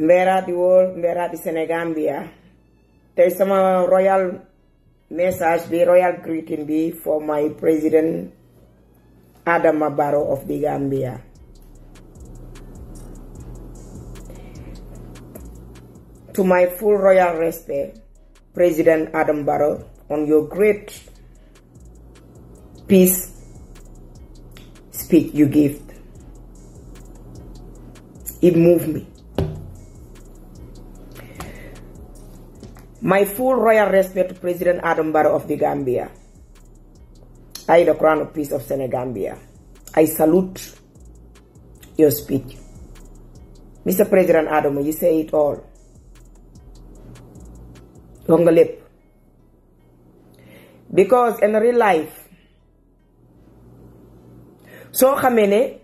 Mera the world, Mera the Senegambia. There's some uh, royal message, the royal greeting be for my president, Adam Barrow of the Gambia. To my full royal respect, President Adam Barrow, on your great peace speech you gave. It moved me. My full royal respect to President Adam Barrow of the Gambia. I, the Crown of Peace of Senegambia, I salute your speech. Mr. President Adam, you say it all. Longer lip. Because in real life, so xamee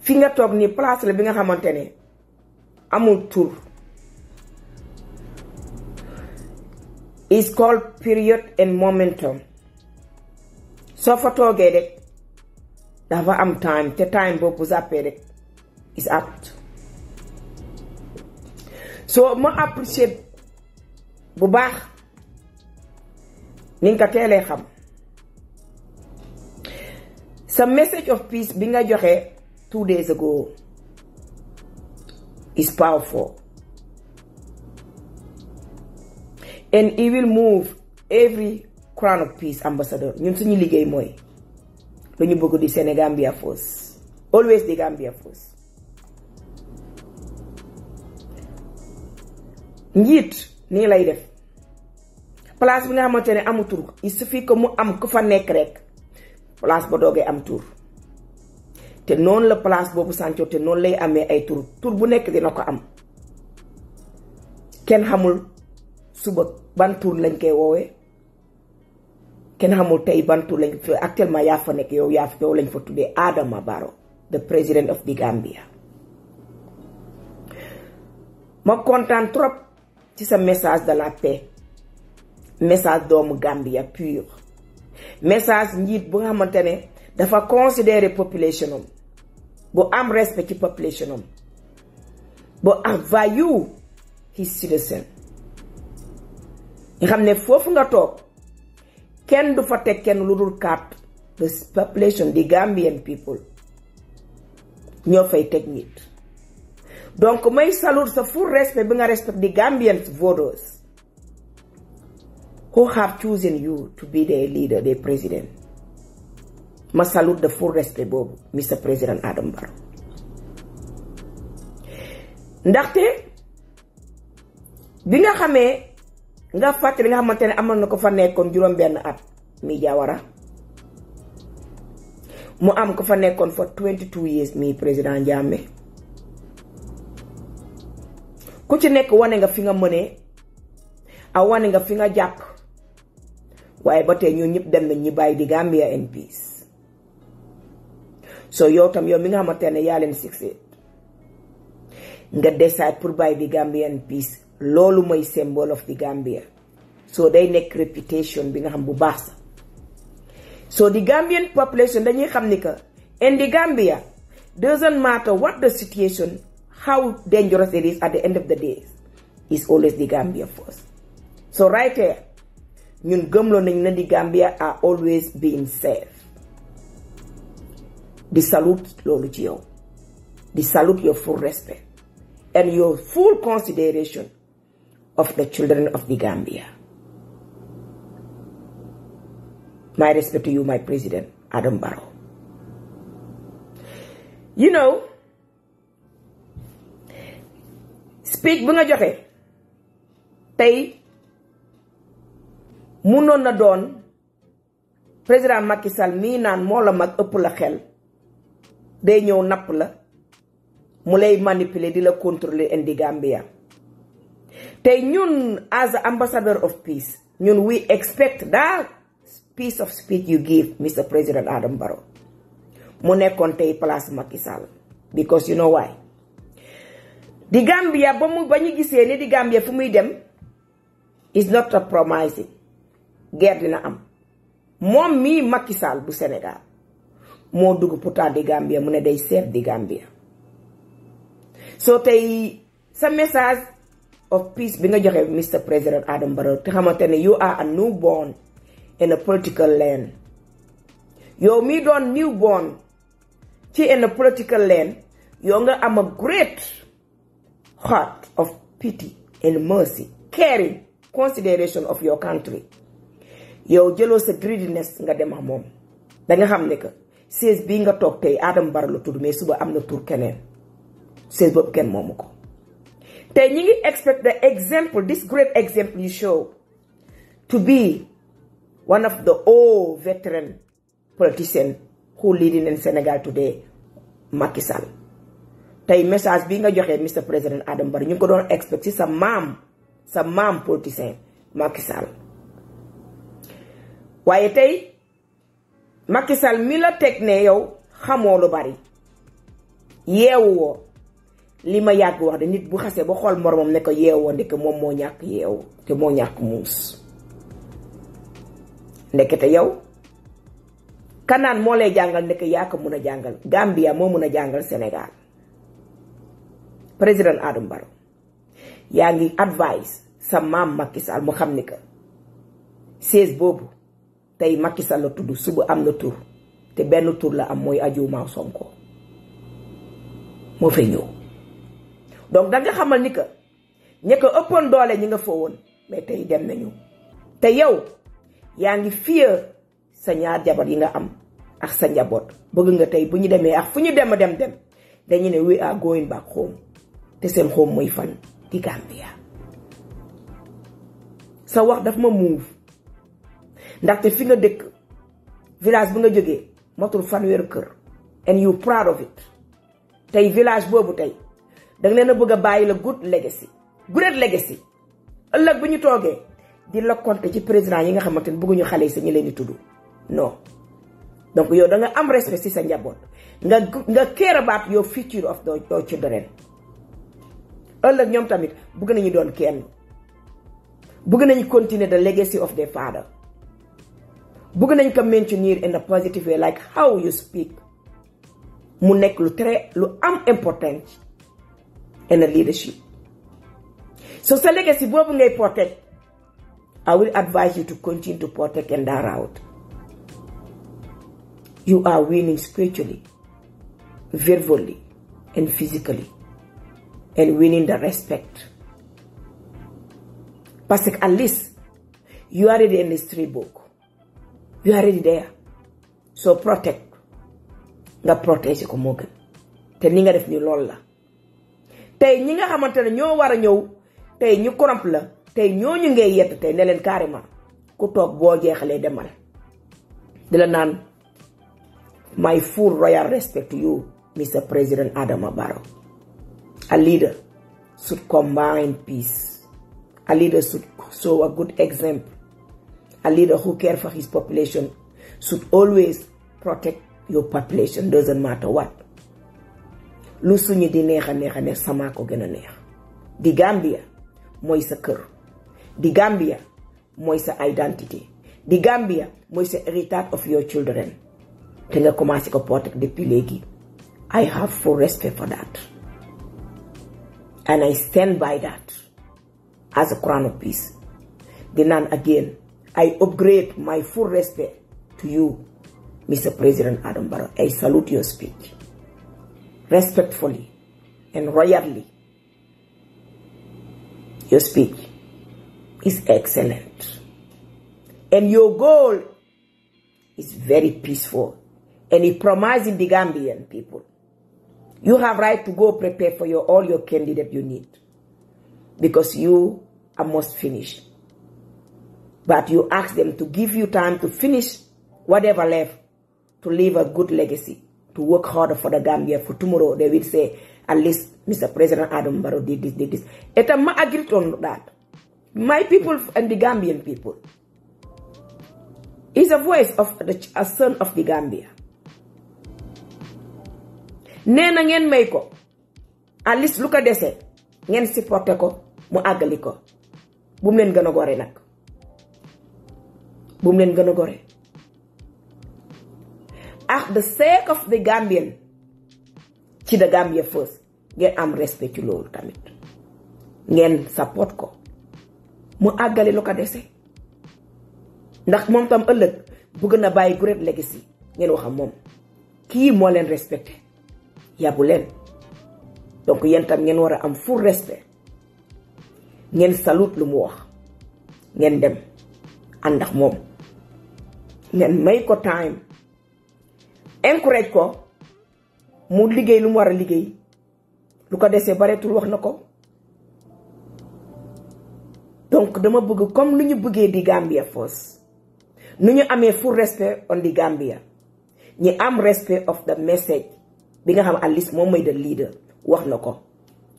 finger fi nga place la bi nga amul tur is called period and momentum soo fa toogee de dafa am time The time book zappee is apt So I appreciate bu baax ni nga ko message of peace bi nga two days ago is powerful and he will move every crown ambassador ñun suñu liggéey mooy lu ñu bëgg di seen Gambia first always di Gambia first njiit nii lay def place bi nga xamante ne amu tur il suffit que mu am ku fa nekk rek place ba doogee am tur te noonu la place boobu sàncoo te noonu lay amee ay tur tur bu nekk dina ko am kenn xamul suba ban tur lañ koy woowee kenn xamul tey ban tur lañ actuellement yaa fa nekk yow yaa fa yow lañ fa tuddee aadama Barrow the president of the Gambia ma kontaan trop ci sa message de la paix message doomu Gambia pur message njiit bu nga xamante ne dafa considérer population am bu am respect ci population am bu am value his citizen nga xam ne foofu nga toog kenn du fa teg kenn lu dul carte the population di Gambian people ñoo fay teg nit donc may saluer sa full respect bi nga respect di Gambian voters who have chosen you to be their leader their president ma saluer the full respect boobu Mr President Adam Barrow ndaxte bi nga xamee nga fàttali nga xamante ne amoon na ko fa nekkoon juróom-benn at mi Jawara mu am ko fa nekkoon fa 22 years mi président Jammeh ku ci nekk wane nga fi nga mënee a wane nga fi nga jàpp waaye ba tey ñoo ñëpp dem nañ ñi bàyyi di Gambia in peace so yow tam yow mi nga xamante ne yaa leen succès nga decide pour bàyyi di Gambia in loolu mooy symbole of the Gambia so day nekk reputation bi nga xam bu baax so the Gambian population dañuy xam ni que in the Gambia doesn't matter what the situation how dangerous it is at the end of the day is always the Gambia first so right here, ñun gëmloo nañ ne the Gambia are always being safe di salute loolu ci yow di salute your full respect and your full consideration of the children of the Gambia. My respect to you, my president, Adam Barrow. You know, speak bunga joke. Tay, muno na doon President Macky Sall mii naan moo la mag ëpp la xel day ñëw napp la mu lay manipuler di la contrôler indi Gambia tey ñun as the ambassador of peace ñun we expect that piece of speech you give Mr President Adam Barrow mu nekkoon tey place Macky because you know why di Gambia ba mu ba ñu gisee ni di Gambia fu muy dem is not a promising guerre dina am moom mii Macky bu senegal moo dugg pourtant di Gambia mu ne day seet di Gambia so tey sa message of peace bi nga joxe Mr President Adam Barrow te xamante you are a newborn in a political land yow mi doon newborn ci in a political land yow nga am a great heart of pity and mercy caring consideration of your country yow jëloo sa greediness nga dem ak moom danga xam ne que siège bii nga toog tey Adam Barrow la tudd mais suba am na tur keneen siège boobu kenn moomu ko then you expect the example, this great example you show, to be one of the old veteran politician who leading in Senegal today, Macky Sall. tey message bi nga joxee Mr President Adam Barrow You don't expect ci a maam sa maam politician, Macky Sall Why? tey Macky Sall mi la teg ne yow xamoo li ma yàgg wax de nit bu xasee ba xool moromam ne ko yeewoo ndeke moom moo ñàkk yeewu te moo ñàkk muus ndekete yow kanaan moo lay jàngal ndeke yaa ko mun a jàngal Gambia moo mun a jàngal senegaal président Adama Barrow yaa ngi advice sa maam Macky Sall mu xam ni que siège boobu tey Macky Sall la tudd suba am na tur te benn tur la am mooy Adjumma Sonko moo fay ñëw donc da nga xamal ni que ñi ko ëppoon doole ñi nga fa woon mais tey dem nañu te yow yaa ngi fiya sa ñaar jabar yi nga am ak sa njaboot bëgg nga tey bu ñu demee ak fu ñu dem dem dem dañu ne we are going back home te seen home mooy fan di Gambia sa wax daf ma move ndaxte fi nga dëkk village bi nga jógee matul fanweeru kër and you proud of it tey village boobu tey da nga leena bëgg la good legacy good legacy ëlëk bu ñu di la konté ci président yi nga xamante bëggu ñu xalé yi sa ñu leen di tuddu non donc yow da nga am respect ci sa njabot nga nga care about your future of the your children ëlëk ñom tamit bëgg nañu doon kenn bëgg nañu continuer the legacy of their father bëgg nañ ko maintenir in a positive way like how you speak mu nek lu très lu am importance and the leadership. So, so legacy Bobunge protect. I will advise you to continue to protect and that route. You are winning spiritually, verbally, and physically, and winning the respect. Pastor, at least you are already in this three book. You are already there. So protect. The protect ko mogan. Te def ni tey ñi nga xamante ne ñoo war a ñëw tey ñu koromp la tey ñooñu ngay yett tey ne leen carrément ku toog boo jeexalee demal di la my full royal respect to you Mr. President Adama Barrow a leader should combine peace a leader should show a good example a leader who care for his population should always protect your population doesn't matter what lu suñu di neex a neex a neex sama ko gën a neex di Gambia mooy sa kër di Gambia mooy sa identité di Gambia mooy sa heritage of your children te nga commencé ko porter depuis léegi I have full respect for that and I stand by that as a crown of peace di naan again I upgrade my full respect to you Mr. President Adam Barrow I salute your speech respectfully and royally. Your speech is excellent. And your goal is very peaceful. And it promises the Gambian people. You have right to go prepare for your, all your candidate you need. Because you are most finished. But you ask them to give you time to finish whatever left to leave a good legacy to work harder for the Gambia for tomorrow. They will say, at least Mr. President Adam Barrow did this, did this. And I agreed on that. My people and the Gambian people is a voice of the, a son of the Gambia. Ne na ngeen at least look at this. ngeen supporté ko mu ko bu mu leen gën a gore nag bu mu leen gore ak ah, the sake of the Gambian ci the Gambia first ngeen am respect ci loolu tamit ngeen support ko mu àggale lu ko dese ndax moom tam ëllëg bëgg na bàyyi legacy ngeen wax ak moom kii moo leen respecté yàbbu leen donc yéen tam ngeen war am full respect ngeen salut lu mu wax ngeen dem ànd ak moom ngeen may ko time encourage ko mu liggéey lu mu war a liggéey lu ko desee bareetul wax na ko donc dama bëgg comme lu ñu bëggee di gambia force nu ñu amee full respect on di gambia ñi am respect of the message bi nga xam at least moom mooy the leader wax na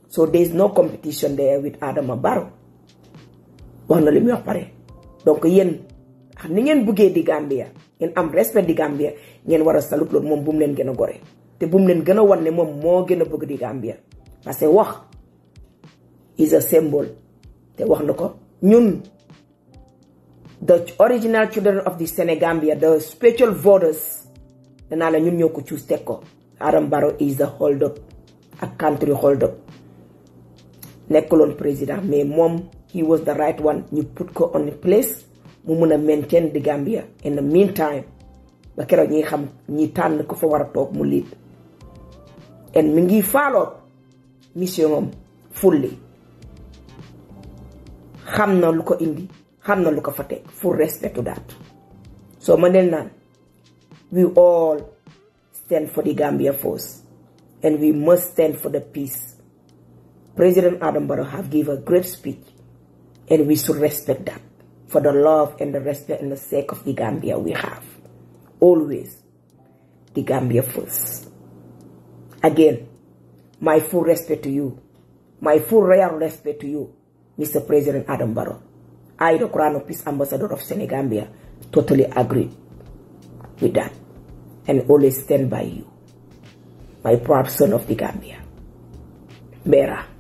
so there is no competition there with adama baro wax na li muy wax pare donc yéen ni ngeen bëggee di gambia ngeen am respect di gambia ngeen war a salut loolu moom bu mu leen gën a gore te bu mu leen gën a wan ne moom moo gën a bëgg di Gambia parce que wax is a symbol te wax na ko ñun the original children of the Senegambia the spiritual voters danaa la ñun ñoo ko cuus teg ko Adam Barrow is the hold up ak country hold up président mais moom he was the right one ñu put ko on place mu maintained a maintain the Gambia in the meantime ba keroog ñuy xam ñi tànn ku fa war a toog mu liit en mi ngi faaloot mission am fulli xam na lu ko indi xam na lu ko fa teg pour respect to that so ma del naan we all stand for the Gambia force and we must stand for the peace President Adam Barrow have give a great speech and we should respect that for the love and the respect and the sake of the Gambia we have always the Gambia first. Again, my full respect to you. My full royal respect to you, Mr. President Adam Barrow. I, the Crown of Peace Ambassador of Senegambia, totally agree with that and always stand by you, my proud son of the Gambia. Mera.